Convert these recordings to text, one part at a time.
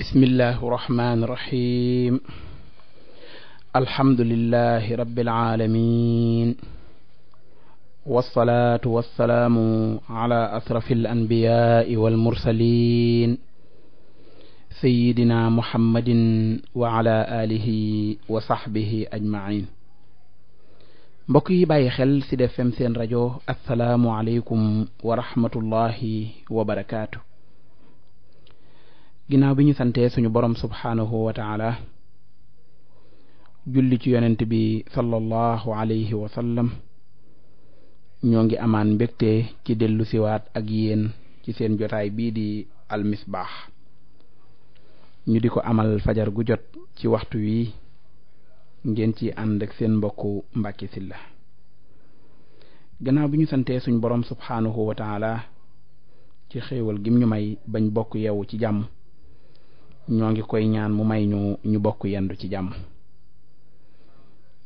bismillahi rahmaani rahiim alhamdulillahi rabbil aalamiin wasalaatu wasalaamu ala asrafil anbiyaai wal mursaliin sayyidina muhammadin wa ala alihi wa saxbihi ajmain mbokk yi bàyyi xel ci Sud FM seen rajo asalaamualeykum wa rahmatullahi wa barakaatu. ginnaaw bi ñu santee suñu borom subhaanahu wa julli ci yonent bi sallallahu alayhi wa sallam ñoo ngi amaan mbégte ci dellu siwaat ak yéen ci seen jotaay bii di almisbaax ñu di ko amal fajar gu jot ci waxtu wi ngeen ci ànd ak seen mbokku Mbàkke Sylla gannaaw bi ñu santee suñ borom subhaanahu wa taala ci xéewal gim ñu may bañ bokk yeewu ci jàmm ñoo ngi koy ñaan mu may ñu ñu bokk yendu ci jàmm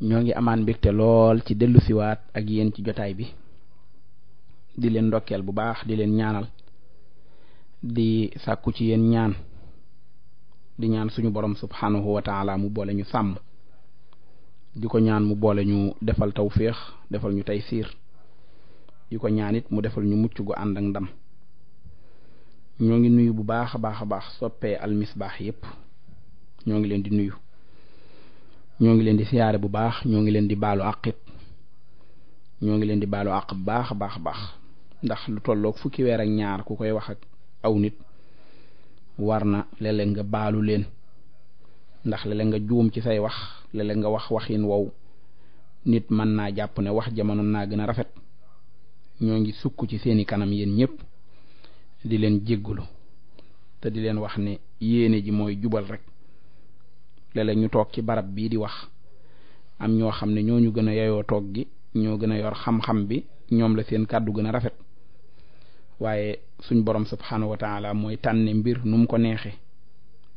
ñoo ngi amaan mbégte lool ci dellu siwaat ak yéen ci jotaay bi di leen ndokkeel bu baax di leen ñaanal di sàkku ci yéen ñaan di ñaan suñu borom subhanahu wa mu boole ñu sàmm di ko ñaan mu boole ñu defal tawféex defal ñu tey siir di ko ñaan it mu defal ñu mucc gu ànd ak ndam ñoo ngi nuyu bu baax a baax a baax soppee almisbaax yépp ñoo ngi leen di nuyu ñoo ngi leen di siyaare bu baax ñoo ngi leen di baalu àq ñoo ngi leen di baalu àq bu baax a baax a baax ndax lu tolloog fukki weer ak ñaar ku koy wax ak aw nit war na léeg nga baalu leen ndax léeg nga juum ci say wax léeg nga wax waxin wow nit mën naa jàpp ne wax jamono naa gën a rafet ñoo ngi sukk ci seeni kanam yéen ñépp di leen jéggulu te di leen wax ni yéene ji mooy jubal rekk léeg-léeg ñu toog ci barab bii di wax am ñoo xam ne ñoo ñu gën a yeyoo toog gi ñoo gën a yor xam-xam bi ñoom la seen kàddu gën a rafet waaye suñ borom subhaanahu wa mooy tànne mbir num ko neexe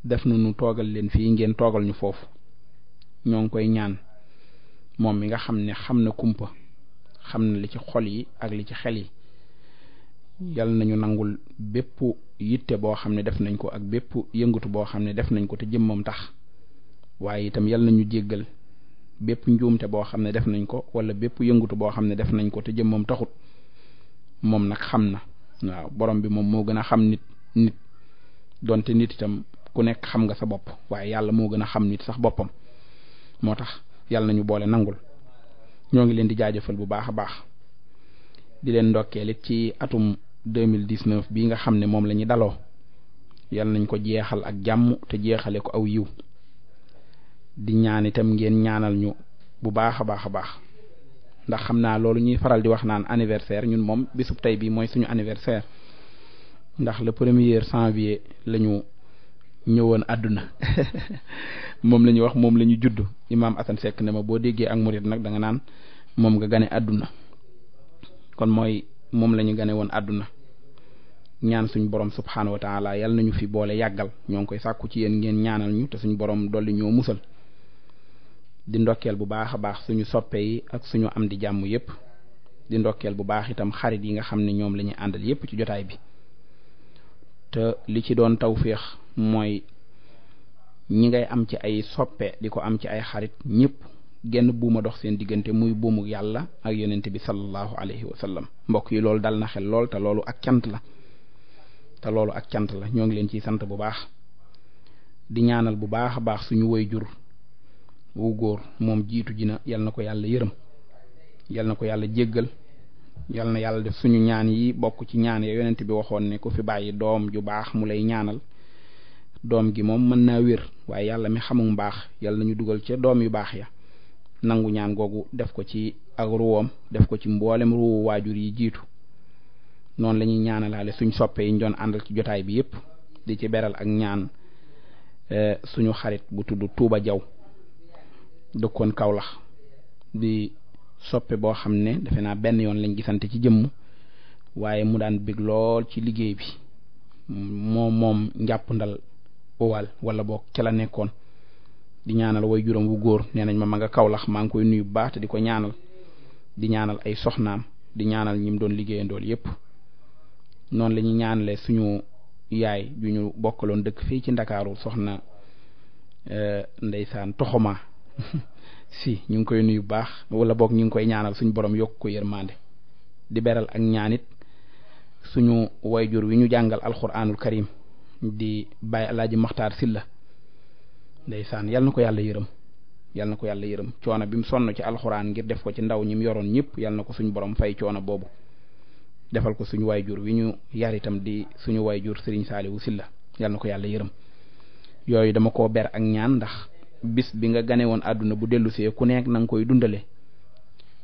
def na nu toogal leen fii ngeen toogal ñu foofu ñoo ngi koy ñaan moom mi nga xam ne xam na kumpa xam na li ci xol yi ak li ci xel yi yal nañu nangul bépp yitte boo xam ne def nañ ko ak bépp yëngatu boo xam ne def nañ ko te jëmmam tax waaye itam yal nañu jéggal bépp njuumte boo xam ne def nañ ko wala bépp yëngatu boo xam ne def nañ ko te jëmmam taxut moom nag xam na waaw borom bi moom moo gën a xam nit nit donte nit itam ku nekk xam nga sa bopp waaye yàlla moo gën a xam nit sax boppam moo tax yàlla nañu boole nangul ñoo ngi leen di jaajëfal bu baax a baax di leen ndokkeelit ci atum deux mille dix neuf bii nga xam ne moom la ñu daloo yal nañ ko jeexal ak jàmm te jeexale ko aw yiw di ñaan itam ngeen ñaanal ñu bu baax a baax a baax ndax xam naa loolu ñuy faral di wax naan anniversaire ñun moom bisub tey bii mooy suñu anniversaire ndax le premier janvier la ñu ñëwoon àdduna moom la ñuy wax moom la ñu judd imaam Assane sekk ne ma boo déggee ak murit nag da nga naan moom nga gane àdduna kon mooy moom la ñu gane woon àdduna ñaan suñu borom subxanahu wa taala yal nañu fi boole yàggal ñoo ngi koy sàkku ci yéen ngeen ñaanal ñu te suñu borom dolli ñoo musal di ndokkeel bu baax a baax suñu soppe yi ak suñu am di jàmm yépp di ndokkeel bu baax itam xarit yi nga xam ne ñoom lañuy àndal yépp ci jotaay bi te li ci doon tawféex mooy ñi ngay am ci ay soppe di ko am ci ay xarit ñépp genn buuma dox seen diggante muy buumu yàlla ak yonent bi sallallahu alayhi wa sallam mbokk yi loolu dal na xel lool te loolu ak cant la. te loolu ak cant la ñoo ngi leen ciy sant bu baax di ñaanal bu baax a baax suñu woy jur wu góor moom jiitu ji na yal na ko yàlla yërëm yal na ko yàlla jéggal yal na yàlla def suñu ñaan yi bokk ci ñaan ya yonent bi waxoon ne ku fi bàyyi doom ju baax mu lay ñaanal doom gi moom mën naa wér waaye yàlla mi xamum baax yàlla ñu dugal ca doom yu baax ya nangu ñaan googu def ko ci ak ruwam def ko ci mboolem ruwu waajur yi jiitu noonu la ñuy ñaanalaale suñ soppee yi ñu doon àndal ci jotaay bi yépp di ci beral ak ñaan e, suñu xarit bu tudd Touba Jaw dëkkoon Kawlax di soppe boo xam ne defe naa benn yoon lañ gisante ci jëmm waaye mu daan bég lool ci liggéey bi moom moom njàpp ndal owal wala boo ca la nekkoon di ñaanal way juróom wu góor nee nañ ma ma nga Kawlax maa ngi koy nuyu baax te di ko ñaanal di ñaanal ay soxnaam di ñaanal ñim doon liggéeyandool yépp noonu lañu ñuy ñaanle suñu yaay ju ñu bokkaloon dëkk fii ci ndakaaru soxna euh, ndeysaan toxoma si ñu ngi koy nuyu baax wala boog ñu ngi koy ñaanal suñu borom yokk ko yërmande di beral ak ñaanit suñu wayjur wi ñu jàngal alxuraanul karim di bàyyi alaaji maxtaar silla ndeysaan yal na ko yàlla yërëm yal na ko yàlla yërëm coono bi mu sonn ci alxuraan ngir def ko ci ndaw ñi mu yoroon ñëpp yal na ko suñu borom fay coono boobu defal ko suñu waay jur wi ñu yar itam di suñu waay jur sëriñ Saaliwu Silla yàlla na ko yàlla yërëm yooyu dama koo ber ak ñaan ndax bis bi nga gane woon àdduna bu dellu see ku nekk nanga koy dundale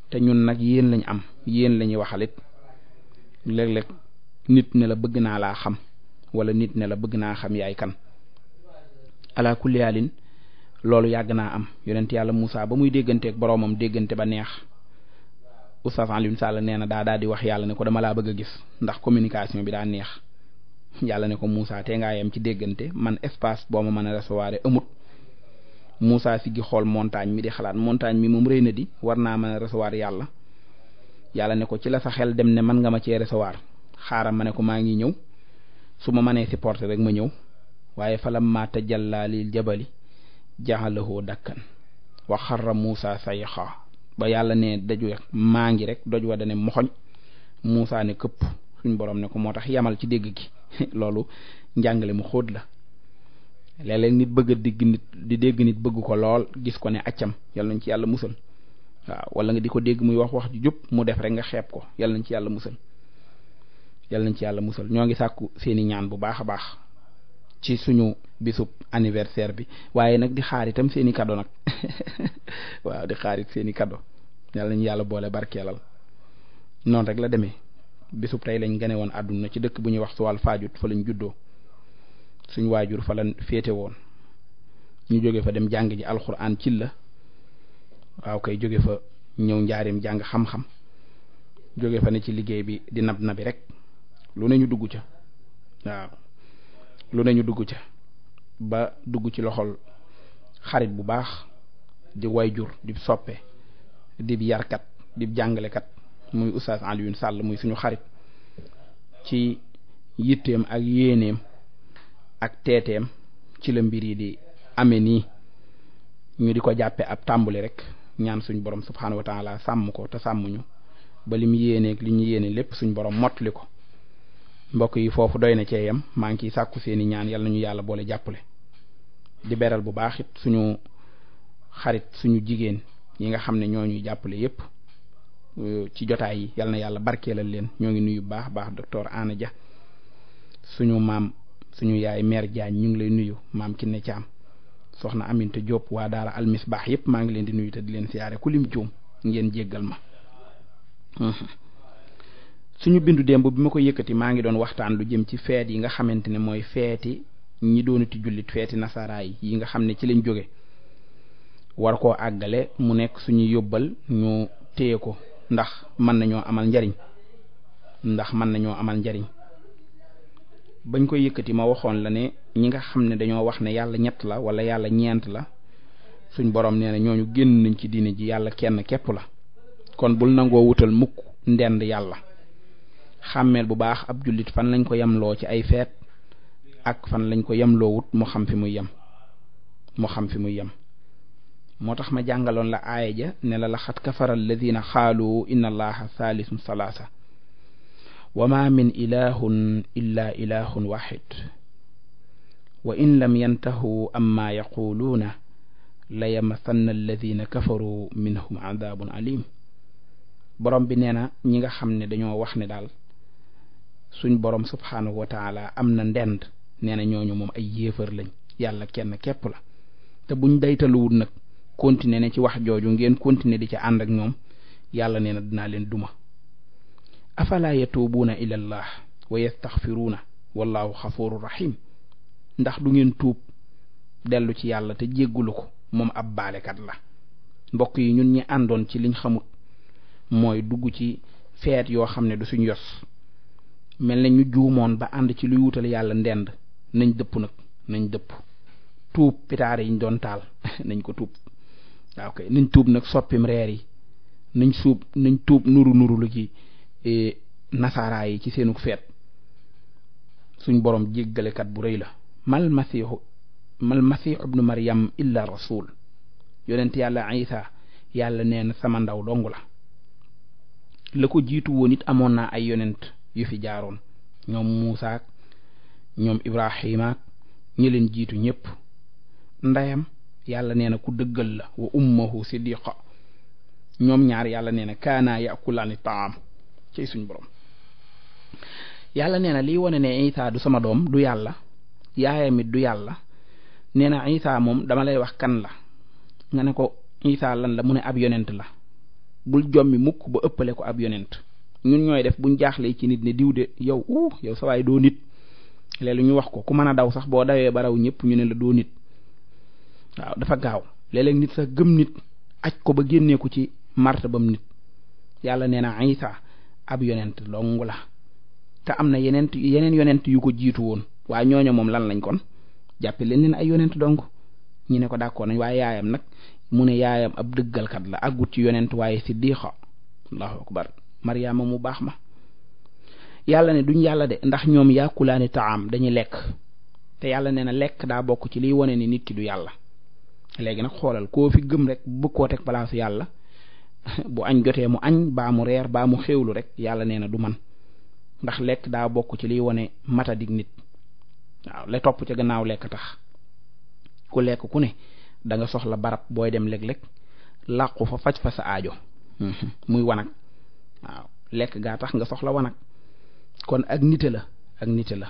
te ñun nag yéen lañ am yéen lañuy ñuy waxalit léeg-léeg nit ne la bëgg naa laa xam wala nit ne la bëgg naa xam yaay kan ala kulli haalin loolu yàgg naa am yonent yàlla Muusaa ba muy dégganteeg boroomam déggante ba neex Oustaz Alioune Sall nee na daa daal di wax yàlla ne ko dama laa bëgg a gis ndax communication bi daa neex yàlla ne ko muusa tee ngaa yem ci déggante man espace boo ma mën a recevoir amut Moussa si gi xool montagne mi di xalaat montagne mi moom rëy na di war naa mën a recevoir yàlla yàlla ne ko ci la sa xel dem ne man nga ma cee recevoir xaaral ma ne ko maa ngi ñëw su ma mënee supporter rek ma ñëw waaye falam ma tajalla lil jabali jaxalahoo dakkan wax xarra Moussa sayxa ba yàlla ne daju maa ngi rek doj wa dane moxoñ Muusaa ne këpp suñ borom ne ko moo tax yamal ci dégg gi loolu njàngale mu xóot la léeg-léeg nit bëgg a digg nit di dégg nit bëgg ko lool gis ko ne accam yal nañ ci yàlla musal waaw wala nga di ko dégg muy wax wax ju jub mu def rek nga xeeb ko yal nañ ci yàlla musal yal na ci yàlla musal ñoo ngi sàkku seeni ñaan bu baax a baax ci suñu bisub anniversaire bi waaye nag di xaar itam seen nag waaw di xaar it seen i cadeau yàlla nañu yàlla boole barkeelal noonu rek la demee bisub tey lañ gane woon àdduna ci dëkk bu ñuy wax Suwal Faajut fa lañ juddoo suñ waajur fa lañ féete woon ñu jóge fa dem jàng ji alxuraan ci la waaw kay jóge fa ñëw njaareem jàng xam jóge fa ci liggéey bi di nab nabi rek lu ne ñu dugg ca waaw lu ne ñu dugg ca. ba dugg ci loxol xarit bu baax di jur di soppe di yarkat di jàngalekat muy oustaz Alioune Sall muy suñu xarit ci yitteem ak yéeneem ak teeteem ci la mbir yi di ame nii ñu di ko jàppe ab tàmbali rek ñaan suñ borom subxanahu wa taala sàmm ko te sàmmuñu ba lim yéeneeg li ñu yéene lépp suñ borom mottali ko mbokk yi foofu doy na cee yem maa ngi ciy sàkku seeni ñaan yal ñu yàlla boole jàppale. di beral bu baax suñu xarit suñu jigéen yi nga xam ne ñoo ñuy jàppale yépp euh, ci jotaay yi yal na yàlla barkeelal leen ñoo ngi nuyu baax baax docteur Ana ja suñu maam suñu yaay meer Diagne ñu ngi lay nuyu maam Kiné Thiam soxna Aminta Diop waa Daara baax yépp maa ngi leen di nuyu te di leen siyaare ku juum ngeen jéggal ma mhm. suñu bindu démb bi ma ko yëkkati maa ngi doon waxtaan lu jëm ci feet yi nga xamante ne mooy feeti ñi doonati jullit feeti nasaraa yi yi nga xam ne ci lañ jóge war koo àggale mu nekk suñu yóbbal ñu téye ko ndax mën nañoo amal njariñ ndax mën nañoo amal njariñ bañ koy yëkkati ma waxoon la ne ñi nga xam ne dañoo wax ne yàlla ñett la wala yàlla ñeent la suñ borom nee na ñooñu génn nañ ci diine ji yàlla kenn képp la kon bul nangoo wutal mukk ndend yàlla xàmmeel bu baax ab jullit fan lañ ko yamloo ci ay feet ak fan lañ ko yem loowut mu xam fi muy yem mu xam fi muy yem moo tax ma jàngaloon la aaya ja ne la laxat kafara alladina xaalu inna allaha thaalithu salaasa wa ma min ilahun illa ilahun waxid wa lam yantahu amma yaquluuna la yamasanna alladina kafaru minhum adabun alim borom bi nee na ñi nga xam ne dañoo wax ne daal suñ borom subhaanahu wa am na ndend nee na ñooñu moom ay yéefar lañ yàlla kenn képp la te buñ daytaluwul nag continuer ne ci wax jooju ngeen continuer di ca ànd ak ñoom yàlla nee na dinaa leen duma afalaa yatuubuuna ila allah wa yastaxfiruuna wallahu xafuru rahim ndax du ngeen tuub dellu ci yàlla te jéggulu ko moom ab baalekat la mbokk yi ñun ñi àndoon ci liñ xamut mooy dugg ci feet yoo xam ne du suñ yos mel na ñu juumoon ba ànd ci luy wutal yàlla ndend nañ dëpp nag nañ dëpp tuub pitaar yi ñu doon taal nañ ko tuub waaw kay nañ tuub nag soppim reer yi nañ suub nañ tuub nuru nuru lu ci e, nasaaraa yi ci seenu feet suñ boroom jéggalekat bu rëy la mal masiixu mal masiixu ibnu maryam illa rasul yonent yàlla isa yàlla nee na sama ndaw dong la la ko jiitu woon it amoon naa ay yonent yu fi jaaroon ñoom muusaak ñoom ibrahimaak ñi leen jiitu ñépp ndeyam yàlla nee na ku dëggal la wa ummahu siddiqa ñoom ñaar yàlla nee na kaana yakulaani taam ci suñ borom yàlla nee na liy wane ne Isa du sama doom du yàlla yaayam du yàlla nee na Isa moom dama lay wax kan la nga ne ko Isa lan la mu ne ab yonent la bul jommi mukk ba ëppale ko ab yonent ñun ñooy def buñ jaaxlee ci nit ne diw de yow uh yow sawaay doo nit léeg-léeg ñu wax ko ku mën a daw sax boo dawee ba raw ñëpp ñu ne la doo nit waaw dafa gaaw léeg-léeg nit sax gëm nit aj ko ba génnee ko ci marte bam nit yàlla nee na Isa ab yonent longu la te am na yeneen yeneen yonent yu ko jiitu woon waaye ñooñu moom lan lañ kon jàppe leen leen ay yonent dong ñu ne ko d'accord nañ waaye yaayam nag mu ne yaayam ab dëggalkat la àggut ci yonent waaye siddiqa allahu akbar Mariama mu baax ma yàlla ne duñ yàlla de ndax ñoom yaakulaani taam dañuy lekk te yàlla nee na lekk daa bokk ci liy wane ni nit ki du yàlla léegi nag xoolal koo fi gëm rek bëgg koo teg palaasu yàlla bu añ jotee mu añ baa mu reer baa mu xéwlu rek yàlla nee na du man ndax lekk daa bokk ci liy wane matadig nit waaw la topp ca gannaaw lekk tax ku lekk ku ne da nga soxla barab booy dem léeg-léeg làqu fa faj fa sa aajo muy wanag waaw lekk gaa tax nga soxla wanag kon ak nite la ak nite la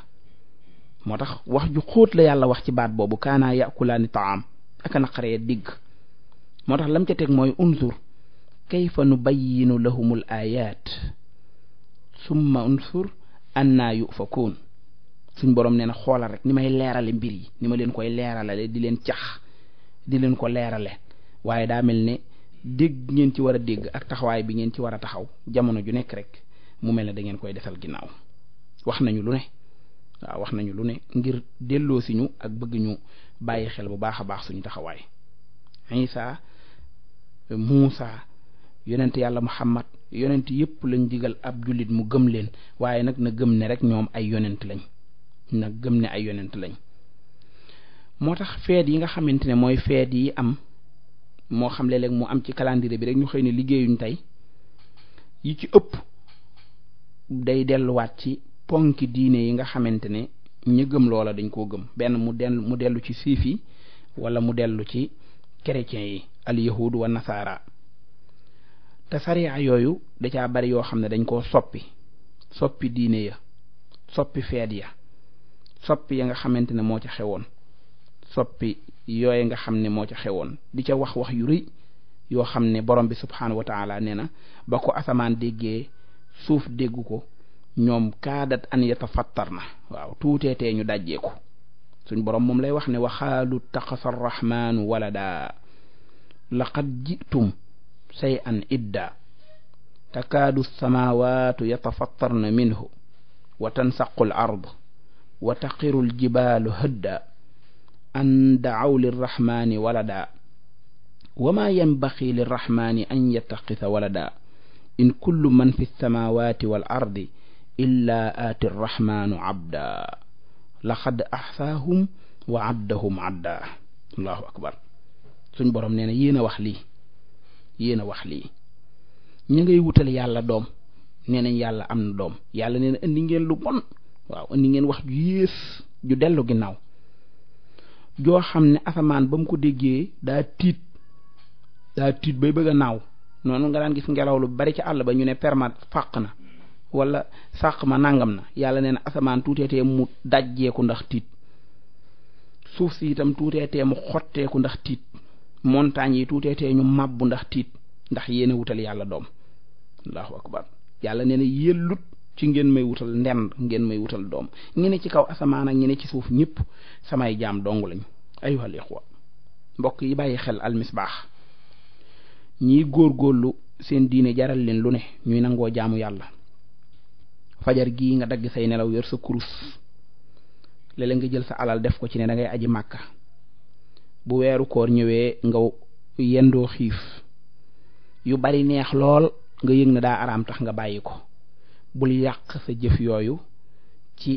moo tax wax ju xóot la yàlla wax ci baat boobu kaanaa yakulaani taam aka naqaree digg moo tax lam ca teg mooy unzur kayfa nubayyinu lahumul ayat summa unsur annaa yufakuun suñ boroom nee na xoolal rek ni may leerale mbir yi ni ma leen koy leeralale di leen cax di leen ko leerale waaye daa mel ne dégg ngeen ci war a dégg ak taxawaay bi ngeen ci war a taxaw jamono ju nekk rek mu mel na dangeen koy defal ginnaaw wax nañu lu ne waaw wax nañu lu ne ngir delloo si ñu ak bëgg ñu bàyyi xel bu baax a baax suñu taxawaay Isa Muusa yonent yàlla Muhammad yonent yépp lañ digal ab jullit mu gëm leen waaye nag na gëm ne rek ñoom ay yonent lañ na gëm ne ay yonent lañ moo tax feet yi nga xamante ne mooy feet yi am moo xam léeg-léeg mu am ci calendrier bi rek ñu xëy ne liggéeyuñ tey yi ci ëpp day delluwaat ci ponki diine yi nga xamante ne ñu gëm loola dañ koo gëm benn mu del mu dellu ci siif yi wala mu dellu ci chrétiens yi al yahud wa nasaara te sariya yooyu da caa bari yoo xam ne dañ koo soppi soppi diine ya soppi feet ya soppi ya nga xamante ne moo ca xewoon soppi yooyu nga xam ne moo ca xewoon di ca wax wax yu rëy yoo xam ne borom bi subxanahu wa na ba ko asamaan déggee suuf dégg ko ñoom kaadat an yatafattar na ñu dajjeeku suñ borom moom lay wax ne waxaalu taxasa arrahmaanu walada laqad jitum say an idda takaadu samaawaatu yatafattarna minhu wa tansaqu al ard wa taqiru al jibaalu hëdda walada wa maa yanbaxi lirraxmaani an yattaxisa walada in kullu man fi lsamawati wa ardi illa aati rrahmanu abda laqad ahsaahum wa addahum adda allahu akbar suñ borom nee na yéen a wax lii yéen a wax lii ñi ngay wutal yàlla doom nee nañ yàlla am na doom yàlla nee indi ngeen lu bon waaw ngeen wax ju yées ju dellu ginnaaw joo xam ne asamaan bam ko déggee daa tiit daa tiit bay bëgg a naaw noonu nga daan gis ngelaw lu bari ci àll ba ñu ne permat fàq na wala sàq ma nangam na yàlla nee na asamaan tuuteetee mu dajjeeku ndax tiit suuf si itam tuuteetee mu xotteeku ndax tiit montagnes yi tuuteetee ñu màbbu ndax tiit ndax yéene wutal yàlla doom allahu akbar yàlla nee na yellut ci ngeen may wutal ndend ngeen may wutal doom ñi ci kaw asamaan ak ñi ci suuf ñëpp samay jaam dong lañ ayuhal ixwa mbokk yi bàyyi xel almisbaax góor góorlu seen diine jaral leen lu ne ñuy nangoo jaamu yàlla fajar gi nga dagg say nelaw yor sa kurus léeg nga jël sa alal def ko ci ne da aji màkka bu weeru koor ñëwee nga yendoo xiif yu bari neex lool nga yëg na daa araam tax nga bàyyi ko bul yàq sa jëf yooyu ci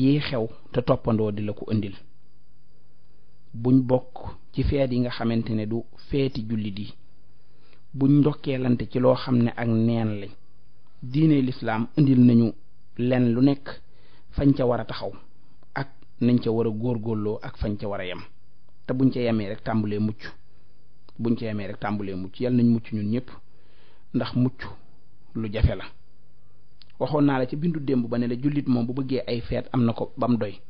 yi xew te toppandoo di la ko indil buñ bokk ci feet yi nga xamante ne du feeti jullit yi buñ ndokkeelante ci loo xam ne ak neen lañ diine lislaam indil nañu len lu nekk fañ ca war a taxaw ak nañ ca war a góor góorloo ak fañ ca war a yem te buñ ca yemee rek tàmbalee mucc buñ ca yemee rek tàmbalee mucc yàlla nañ mucc ñun ñëpp ndax mucc lu jafe la waxoon naa la ci bindu démb ba ne la jullit moom bu bëggee ay feet am na ko bam doy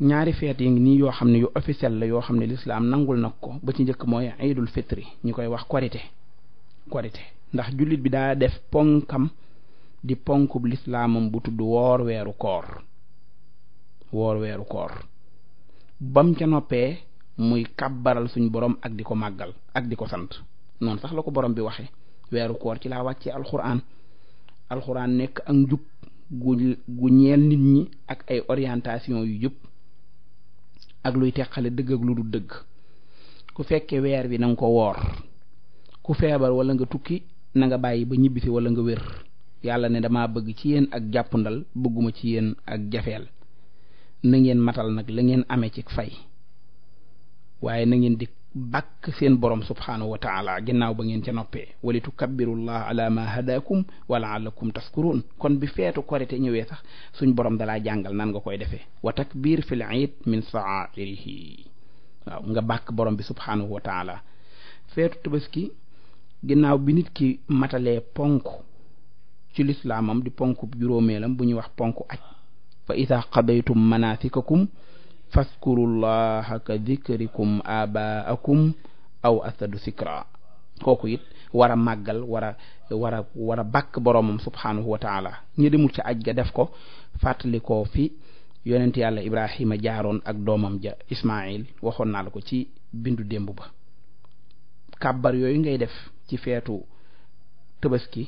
ñaari feet yi ngi nii yoo xam ne yu officiel la yoo xam ne lislaam nangul nag ko ba ci njëkk mooy iidul fitri ñi koy wax korite korite ndax jullit bi daa def ponkam di ponkub lislaamam bu tudd woor weeru koor woor weeru koor bam ca noppee muy kàbbaral suñ borom ak di ko màggal ak di ko sant noonu sax la ko borom bi waxe weeru koor ci laa wàccee alxuraan alxuraan nekk ak njub gu gu ñeel nit ñi ak ay orientation yu jub ak luy teqale dëgg ak lu du dëgg ku fekke weer bi na ko woor ku feebar walla nga tukki nanga bàyyi ba ñibbisi wala nga wér yàlla ne dama bëgg ci yéen ak jàppandal bëgguma ci yéen ak jafeel na ngeen matal nag la ngeen amee ci fay waaye na di bàkk seen borom subhaanahu wa taala ginnaaw ba ngeen ca noppee wali tukabbirullah ala ma hadakum wa laallakum taskurun kon bi feetu korite ñëwee sax suñ borom dalaa jàngal nan nga koy defee wa takbir fil iid min waaw nga bàkk borom bi subhaanahu wa taala feetu ki ginnaaw bi nit ki matalee ponk ci lislaamam di ponk juróomeelam bu ñuy wax ponk aj fa ida qadaytum manasikakum fazkurullaha ka dikrikum abaakum aw asadu sikra kooku it war a màggal war a war a war a bàkk boroomam subhaanahu wa taala ñi demul ca aj ga def ko fàttali ko fi yonent yàlla ibrahima jaaroon ak doomam ja ismail waxoon naa la ko ci bindu démb ba kàbbar yooyu ngay def ci feetu tabaski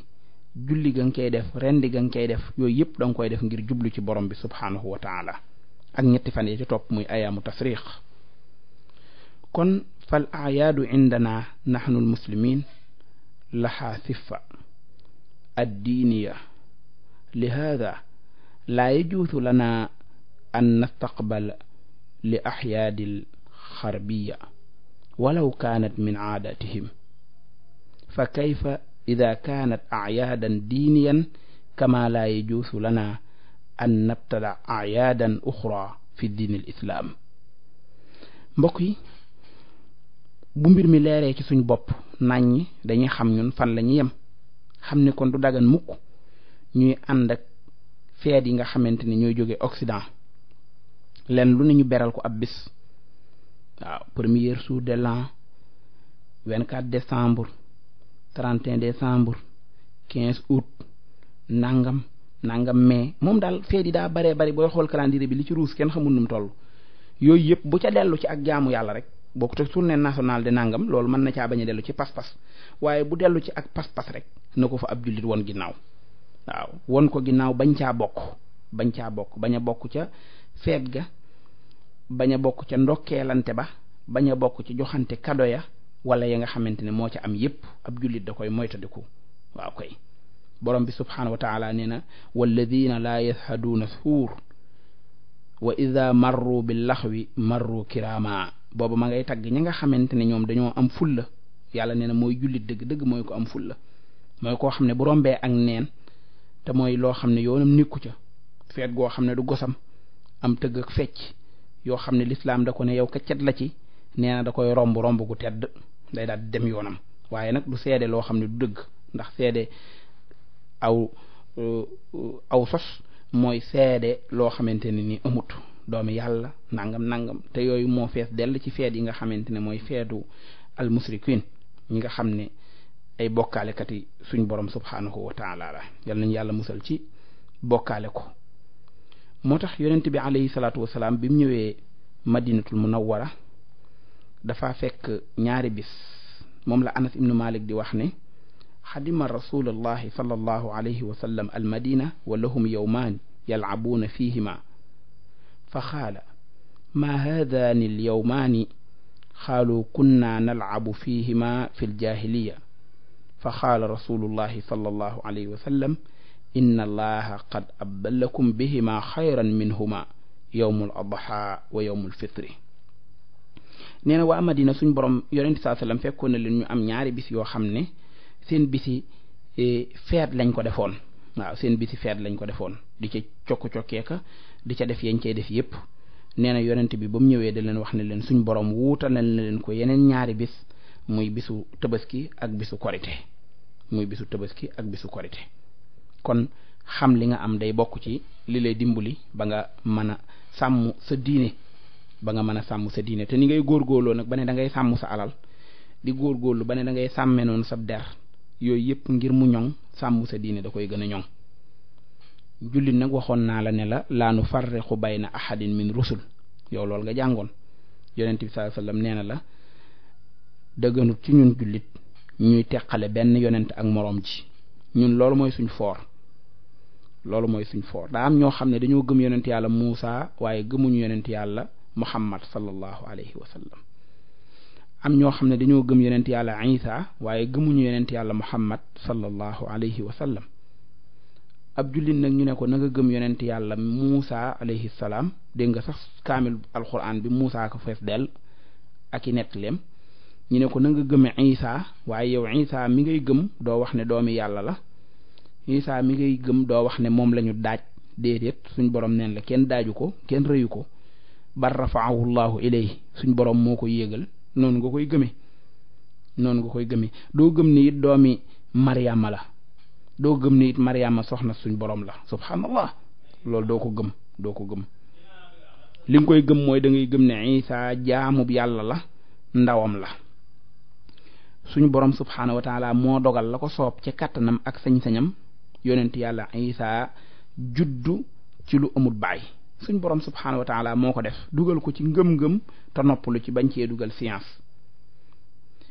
julli ga nga koy def rendi ga nga koy def yooyu yëpp danga koy def ngir jublu ci borom bi subhaanahu wa ak ñetti fan yi ci topp muy ayaamu kon fal ayaadu indana nahnu almuslimin lahaa siffa addiiniya lihaada laa yajuusu lana an nastaqbal li axyaadi alxarbiya walaw kaanat min caadatihim fa kayfa ida kaanat acyaadan diiniyan kama laa yajuusu lana an nabtada ayaadan uxra fi diinil islaam mbokk yi bu mbir mi leeree ci suñ bopp naññ dañuy xam ñun fan la ñu yem xam ne kon du dagan mukk ñuy ànd ak feet yi nga xamante ni ñooy jóge Occident leen lu ne ñu beral ko ab bis waaw premier jour de l'an vingt-quatre décembre trente et un décembre quinze août nangam mais moom daal feet yi daa bare bari booy xool calendrier bi li ci ruus kenn xamul nu mu yooyu yëpp bu ca dellu ci ak jaamu yàlla rek bokku te tournée nationale de nangam loolu mën na caa bañ a dellu ci pas-pas waaye bu dellu ci ak pas-pas rek na ko fa ab jullit won ginnaaw waaw won ko ginnaaw bañ caa bokk bañ caa bokk bañ a bokk ca feet ga bañ a bokk ca ndokkeelante ba bañ a bokk ci joxante kado ya wala ya nga xamante ne moo ca am yépp ab jullit da koy moytandiku borom bi subxanahu wa taala nee na walladina laa yashhaduuna suur wa ida marru bi laxwi marru kiraamaa booba ma ngay tagg ñi nga xamante ne ñoom dañoo am fulla yàlla nee na mooy jullit dëgg-dëgg mooy ko am fulla mooy koo xam ne bu rombee ak neen te mooy loo xam ne yoonam nikku ca feet goo xam ne du gosam am tëgg ak fecc yoo xam ne lislaam da ko ne yow ka la ci nee na da koy romb romb gu tedd day daal di dem yoonam waaye nag du seede loo xam ne du dëgg ndax seede aw aw sos mooy seede loo xamante ne ni amut doomi yàlla nangam nangam te yooyu moo fees dell ci feet yi nga xamante ne mooy feetu al ñi nga xam ne ay bokkaalekat yi suñ borom subhaanahu wa taala la yal nañ yàlla musal ci bokkaale ko moo tax yonent bi alayhi salaatu wasalaam bi mu ñëwee madinatul wara dafa fekk ñaari bis moom la anas ibnu malik di wax ne xadima rasulullahi sallallahu alayhi wa sallam almadina wa lahum yowmaani yalcabuuna fiihima fa qaala maa haadaani alyowmaani qaaluu kunnaa nalcabu fiihima fi ljaahiliya fa qaala rasulullahi sallallahu alayhi wa sallam inna allaha qad abbalakum bihimaa xayran minhuma yowmul adhaa wa yowmul fitri nee na waa madina suñ borom yonente saa sallam fekkoon na leen ñu am ñaari bis yoo xam ne seen bisi eh, feet lañ ko defoon waaw seen bisi feet lañ ko defoon di ca cokk cokkeeka di ca def yañ cay def yépp nee na yonent bi ba mu ñëwee da leen wax ne leen suñ borom wuutalal na leen ko yeneen ñaari bis muy bisu tabaski ak bisu korite muy bisu tabaski ak bisu korite kon xam li nga am day bokk ci li lay dimbali ba nga mën a sàmm sa diine ba nga man a sàmm sa diine te ni ngay góorgóorloo nag ba ne da ngay sàmm sa alal di góorgóorlu ba ne da yooyu yëpp ngir mu ñoŋ sàmm sa diine da koy gën a ñoŋ jullit nag waxoon naa la ne la laa nu farriqu bayna ahadin min rusul yow loolu nga jàngoon yonent bi sallallahu alayhi wasallam nee na la dëgganut ci ñun jullit ñuy teqale benn yonent ak moroom ji ñun loolu mooy suñ foor loolu mooy suñ foor daa am ñoo xam ne dañoo gëm yonent yàlla Muusa waaye gëmuñu yonent yàlla Muhammad sallallahu alayhi wa sallam am ñoo xam ne dañoo gëm yonent yàlla isa waaye gëmuñu yonent yàlla muhammad sallallahu alayhi wa sallam ab jullit nag ñu ne na nga gëm yonent yàlla muusa alayhi salaam dégg nga sax kaamil alquran bi muusa ko fees dell ak i nettaleem ñu ne na nga gëme isa waaye yow isa mi ngay gëm doo wax ne doomi yàlla la isa mi ngay gëm doo wax ne moom lañu daaj déedéet suñ borom neen la kenn daaju ko kenn rëyu ko bal rafaahu llahu borom moo ko yéegal noonu nga koy gëme noonu nga koy gëme doo gëm ni doomi Mariama la doo gëm ni it Mariama soxna suñ boroom la subhanallah loolu doo ko gëm doo ko gëm li nga koy gëm mooy dangay gëm ne Isa jaamub yàlla la ndawam la suñu borom subhaanahu wa moo dogal la ko soob ci kàttanam ak sañ-sañam yonent yàlla Isa juddu ci lu amul baay suñ borom subxanahu wa moo ko def dugal ko ci ngëm-ngëm te noppalu ci bañ cee dugal science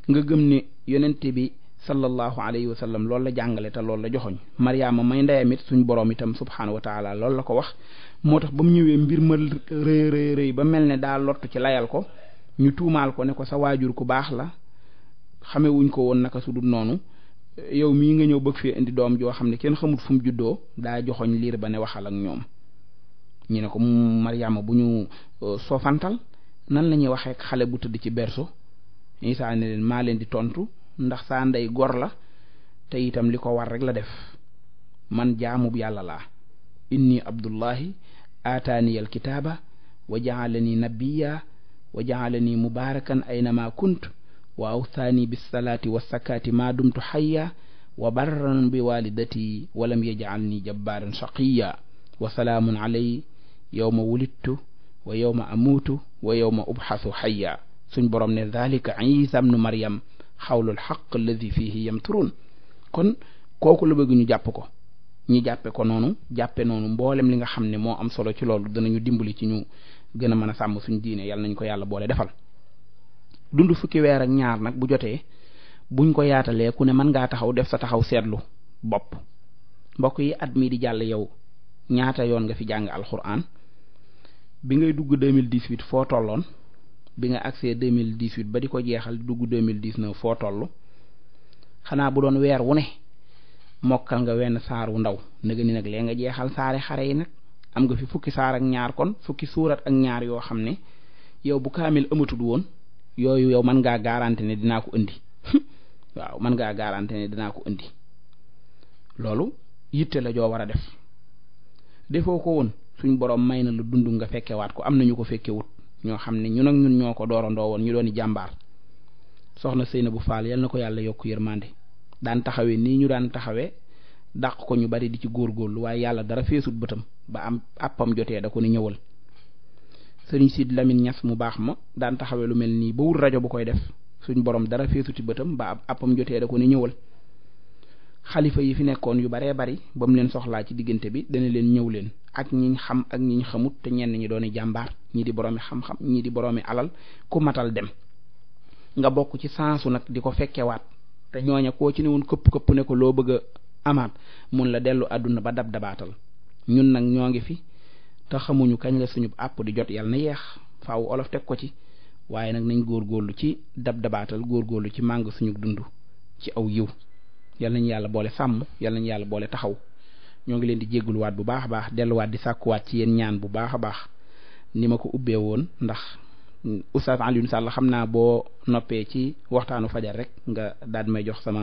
nga gëm ni yonent bi sallallahu alayhi wa sallam loolu la jàngale te loolu la joxoñ Mariama may ndeyam it suñ borom itam subxanahu wa taala loolu la ko wax moo tax ba mu ñëwee mbir ma rëy rëy ba mel ne daa lottu ci layal ko ñu tuumaal ko ne ko sa waajur ku baax la xamewuñ ko woon naka su dul noonu. yow mii nga ñëw bëgg fee indi doom joo xam ne kenn xamut fu mu juddoo daa joxoñ liir ba ne waxal ak ñoom ñu ne ko Mariama bu ñu euh, soofantal nan lañuy ñuy xale bu tëdd ci berso Isa leen maa leen di tontu ndax saa ndey gor la te li ko war rek la def man jaamu yàlla laa inni abdullahi aataani alkitaaba wa jaalani nabiya wa jaalani mubaarakan aynama kunt wa awsaani bisalaati wasakaati maa dumtu xayya wa barran bi walidati walam yaj'alni jabbaaran shaqiya wa salaamun alay yawma wulidtu wa yawma amuutu wa ma ubxasu xayya suñ borom ne dalika isa bnu maryam xawlul xaq fii fihi yamturun kon kooku la bëgg ñu jàpp ko ñu jàppe ko noonu jàppe noonu mboolem li nga xam ne moo am solo ci loolu danañu dimbali ci ñu gën a mën a sàmm suñ diinee yàlla nañ ko yàlla boole defal dund fukki weer ak ñaar nag bu jotee buñ ko yaatalee ku ne mën ngaa taxaw def sa taxaw seetlu bopp mbokk yi at mii di jàll yow ñaata yoon nga fi jàng alxuraan bi ngay dugg deux mille dix huit foo tolloon bi nga agsee deux mille dix huit ba di ko jeexal dugg deux mille dix neuf foo toll xanaa bu doon weer wu ne mokkal nga wenn saar wu ndaw nag ni nag lee nga jeexal saari xare yi nag am nga fi fukki saar ak ñaar kon fukki suurat ak ñaar yoo xam ne yow bu kaamil amatul woon yooyu yow mën ngaa garanti ne dinaa ko indi waaw mën ngaa gaarante ne dinaa ko indi loolu yitte la joo war a def defoo ko woon suñ borom may na la dund nga fekkewaat ko am nañu ko fekke fekkewut ñoo xam ne ñun ak ñun ñoo ko doorandoo woon ñu doon jàmbaar soxna bu faal yal na ko yàlla yokk yërmande daan taxawee nii ñu daan taxawee dàq ko ñu bari di ci góorgóorlu waaye yàlla dara feesut bëtam ba am àppam jotee da ko ni ñëwal sëriñ Sid Lamine Ñas mu baax ma daan taxawee lu mel nii ba rajo bu koy def suñ borom dara feesuti bëtam ba am jotee da ko ni ñëwal xalifa yi fi nekkoon yu baree bari ba mu leen soxlaa ci diggante bi dana leen ñëw leen ak ñi xam ak ñi ñu xamut te ñenn ñi doon jàmbaar ñii di boroomi xam-xam ñii di boroomi alal ku matal dem nga bokk ci sansu nag di ko fekkewaat te ñooña koo ci ne woon këpp këpp ne ko loo bëgg amaat mun la dellu àdduna ba dab dabaatal ñun nag ñoo ngi fi te xamuñu kañ la suñu àpp di jot yàlla na yeex faaw olof teg ko ci waaye nag nañ góor góorgóorlu ci dab dabaatal góorgóorlu ci màng suñu dund ci aw yiw yal nañu yàlla boole sàmm yal nañu yàlla boole taxaw ñoo ngi leen di jégguluwaat bu baax a baax delluwaat di sàkkuwaat ci yéen ñaan bu baax a baax ni ma ko ubbee woon ndax Oustaz Alioune Sall xam naa boo noppee ci waxtaanu fajar rek nga daal may jox sama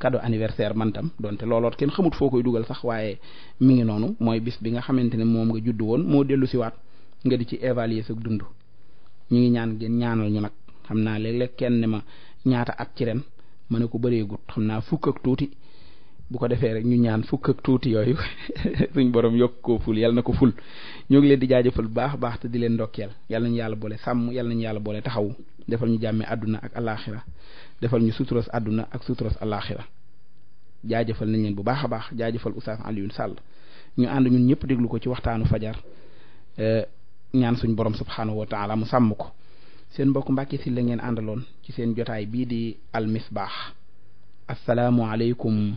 cadeau anniversaire mantam donte looloot kenn xamut foo koy dugal sax waaye mi ngi noonu mooy bis bi nga xamante ne moom nga juddu woon moo dellu si waat nga di ci évaluer sa dund ñu ngi ñaan ngeen ñaanal ñu nag xam naa léeg-léeg kenn ne ma ñaata at ci ren ne ko bëreegut bu ko defee rek ñu ñaan fukk ak tuuti yooyu suñ borom yokk koo ful yal na ko ful ñoo ngi leen di jaajëfal bu baax baax te di leen ndokkeel yal nañu yàlla boole sàmm yal nañu yàlla boole taxaw defal ñu jàmmee àdduna ak alaxira defal ñu suturos àdduna ak suturos alaxira jaajëfal nañ leen bu baax a baax jaajëfal Oustaz Alioune Sall ñu ànd ñun ñëpp déglu ko ci waxtaanu fajar eh, ñaan suñ borom subhaanahu wa taala mu sàmm ko seen mbokk Mbàkke si la ngeen àndaloon ci seen jotaay bii di Al Misbah asalaamualeykum